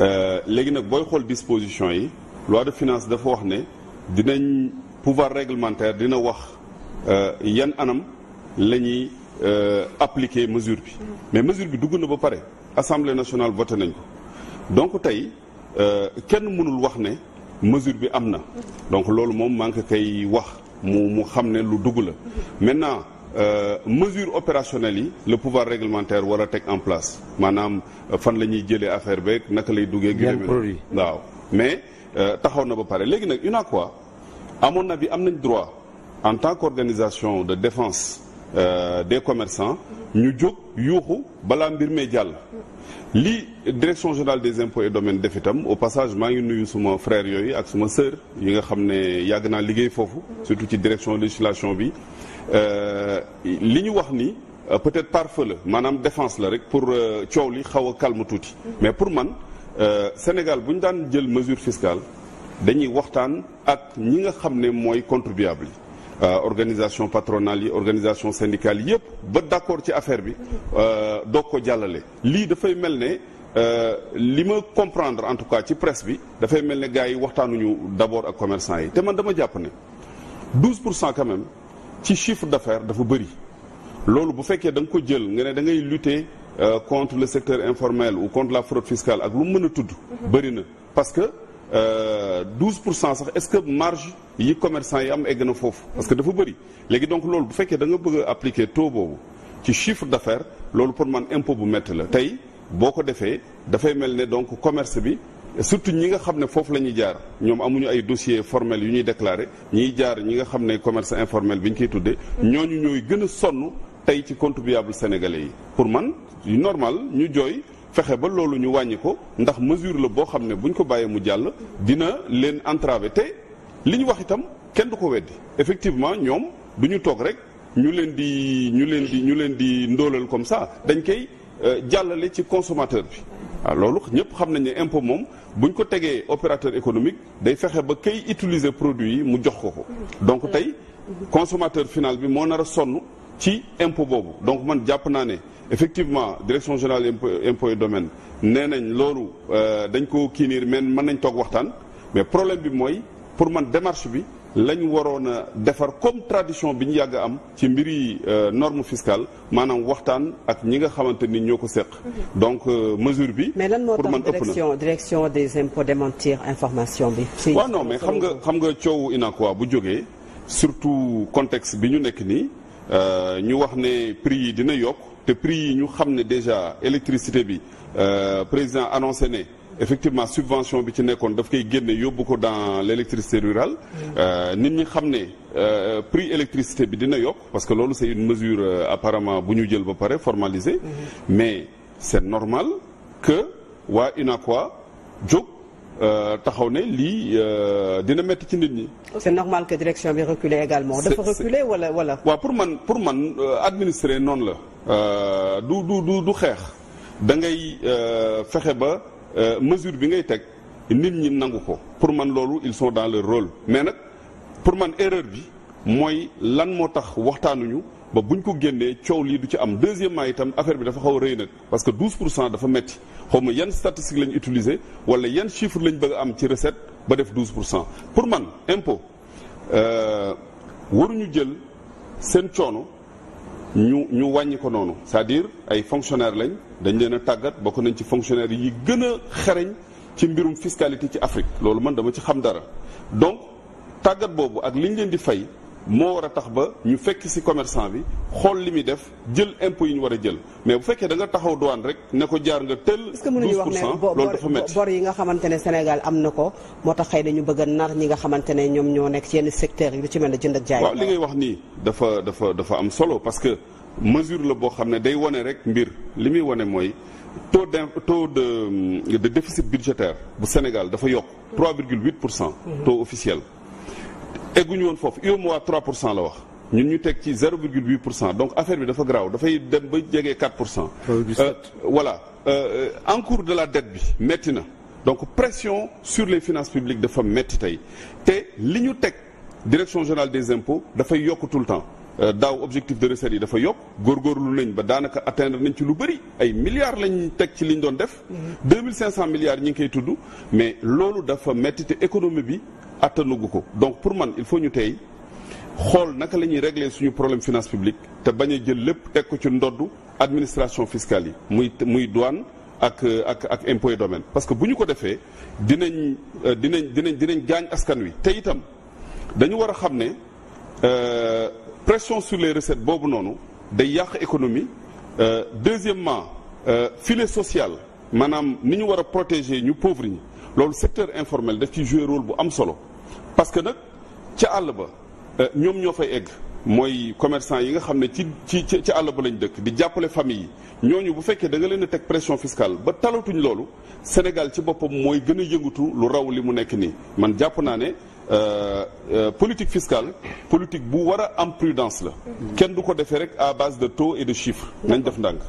Euh, léegi nag booy xool disposition yi loi de finance dafa wax ne dinañ pouvoir réglementaire dina wax euh, yan anam la ñuy euh, appliquer mesure bi mais mesure bi dugg na ba pare assemblée nationale voté nañ ko donc tey kenn mënul wax ne mesure bi am na donc loolu moom maa ngi koy wax mu mu xam ne lu dugg la maintenant Euh, mesure opérationnelle yi le pouvoir réglementaire war a teg en place maanaam euh, fan la ñuy jëlee affaire beeg naka lay duggee. yan produit waaw mais euh, taxaw na ba pare léegi nag une à quoi à mon avis am nañ droit en tant qu'organisation de défense. Euh, des commerçants ñu jóg yuuxu balaa mbir mee jàll lii direction générale des impôts et domaines def itam au passage maa ngi nuyu suma frère yooyu ak suma sœur yi nga xam ne yàgg naa liggéey foofu surtout ci direction législation bi euh, li ñu wax ni euh, peut-être pare-feu la maanaam defence la rek pour coow li xaw a calme tuuti mais pour man Sénégal bu ñu daan jël mesure fiscale dañuy waxtaan ak ñi nga xam ne mooy contribuable yi Euh, organisation patronale yi organisation syndicale yëpp ba d'accord ci affaire bi euh, doog ko jàllale lii dafay mel ne euh, li ma comprendre en tout cas ci presse bi dafay mel ne gars yi waxtaanuñu d'abord ak commerçant yi te man dama jàpp ne 12 pour cent même ci chiffre d'affaires dafa bëri loolu bu fekkee da nga ko jël nga ne da ngay lutter contre le secteur informel ou contre la fraude fiscale ak lu mu mën a tudd mhm. bëri na parce que 12 euh, pour cent sax est-ce que marge yi commerçant yi am egg na foofu parce que dafa bëri léegi donc loolu bu fekkee danga nga bëgg a appliquer taux boobu ci chiffre d'affaires loolu pour man impôt bu métti la tey boo ko defee dafay mel ne donc commerce bi surtout ñi nga xam ne foofu la ñuy jaar ñoom amuñu ay dossier formel yu ñuy déclarer ñiy jaar ñi nga xam ne commerce informel bi ñu koy tuddee ñooñu ñooy gën a sonn tey ci contribuable sénégalais yi pour man normal ñu jooy fexe ba loolu ñu wàññi ko ndax mesure la boo xam ne buñ ko bàyyee mu jàll dina leen entraver te li ñu wax itam kenn du ko weddi effectivement ñoom du ñu toog rek ñu leen di ñu leen di ñu leen di ndóolal comme ça dañ koy euh, jàllale ci consomateur bi. loolu ñëpp xam nañ ne impôt moom buñ ko tegee opérateur économique day fexe ba kay utiliser produit yi mu jox ko ko mm-hmm. donc tey mm-hmm. consommateur final bi moo nar a sonn. ci impôt boobu donc man jàpp naa ne effectivement direction générale impôt impôt et domaine nee nañ loolu euh, dañ ko kiiniir mais man nañ toog waxtaan mais problème bi mooy pour man démarche bi lañ waroon a defar comme tradition bi ñu yàgg am ci mbiri euh, norme fiscale maanaam waxtaan ak ñi nga xamante ni ñoo ko seq. donc euh, mesure bi. mais lan moo tax direction direction des impôts démentir information bi. waaw non mais xam nga xam nga coowu Unacois bu jógee surtout contexte bi ñu nekk nii. Euh, ñu wax ne prix yi dina yokk te prix yi ñu xam ne déjà électricité bi euh, président annoncé ne effectivement subvention bi ci nekkoon daf koy génne yóbbu ko dans l'électricité rurale euh, nit ñi xam ne prix électricité bi dina yokk parce que loolu c'est une mesure apparemment bu ñu jël ba pare formalisée mais c'est normal que waa UNACOIS jóg Euh, taxaw ne lii euh, dina metti ci nit ñi. c'est normal que direction bi reculer également. dafa reculer wala wala. waaw pour man pour man euh, administrer noonu la du du du du xeex da ngay fexe ba mesure bi ngay teg nit ñi nangu ko pour man loolu ils sont dans le rôle mais nag pour man erreur bi mooy lan moo tax waxtaanuñu. ba buñ ko génnee coow lii du ci am deuxièmement itam affaire bi dafa xaw a rëy nag parce que 12 pour cent dafa metti xaw ma yan statistique lañ utiliser wala yan chiffre lañ bëgg am ci recette ba def 12 pour cent pour man impôt euh, waruñu jël seen coono ñu ñu wàññi ko noonu cest à ay fonctionnaire lañ dañ leen a tàggat bokk nañ ci fonctionnaire yi gën a xereñ ci mbirum fiscalité ci Afrique loolu man dama ci xam dara donc tàggat boobu ak liñ leen di fay moo war a tax ba ñu fekk ci commercant bi xool li muy def jël impôt yi ñu war a jël mais bu fekkee da nga taxaw douane rek ne ko jaar nga tël. 12 pour cent loolu dafa métti bor yi nga xamante ne Sénégal am na ko moo tax xëy na ñu bëgg a nar ñi nga xamante ne ñoom ñoo nekk ci yenn secteurs yi lu ci mel ne jënd ak jaay. waaw li ngay wax nii dafa dafa dafa am solo parce que mesure la boo xam ne day wane rek mbir li muy wane mooy taux d' taux de de déficit budgétaire bu Sénégal dafa yokk 3,8 pour cent. Mm-hmm. egguñu woon foofu UEMOA 3 pour cent la wax ñun ñu teg ci 0,8 pour cent donc affaire bi dafa garaaw dafay dem ba jege 4 pour cent. Euh, voilà euh, encours de la dette bi métti na. donc pression sur les finances publiques dafa métti tey te li ñu teg direction générale des impôts dafay yokk tout le temps. Euh, daaw objectif de recette yi dafa yokk góorgóorlu nañ ba daanaka atteindre nañ ci lu bëri ay milliards lañ teg ci li ñu doon def. 2500 mhm. milliards ñi ngi koy tudd mais loolu dafa metti te économie bi attanugu ko donc pour man il faut ñu tey xool naka la ñuy régler suñu problème finance publique te bañ a jël lépp teg ko ci ndodd administration fiscale yi muy muy douane ak ak ak impôt domaine. parce que bu ñu ko defee dinañ euh, dinañ dinañ dinañ gaañ askan wi te itam dañu war a xam ne. Euh, pression sur les recettes boobu noonu day yàq économie euh, deuxièmement euh, filet social maanaam ni ñu war a protéger ñu pauvre ñi loolu secteur informel daf ci jouer rôle bu am solo parce que nag ca àll ba euh, ñoom ñoo fay egg mooy commerçant yi nga xam ne ci ci ci àll ba lañ dëkk di jàppale famille yi ñooñu bu fekkee danga leen a teg pression fiscale ba talatuñu loolu Sénégal ci boppam mooy gën a yëngatu lu raw li mu nekk nii man jàpp naa ne Euh, euh, politique fiscale politique bu war a am prudence la. kenn du ko defee rek à base de taux et de chiffres nañ def ndànk.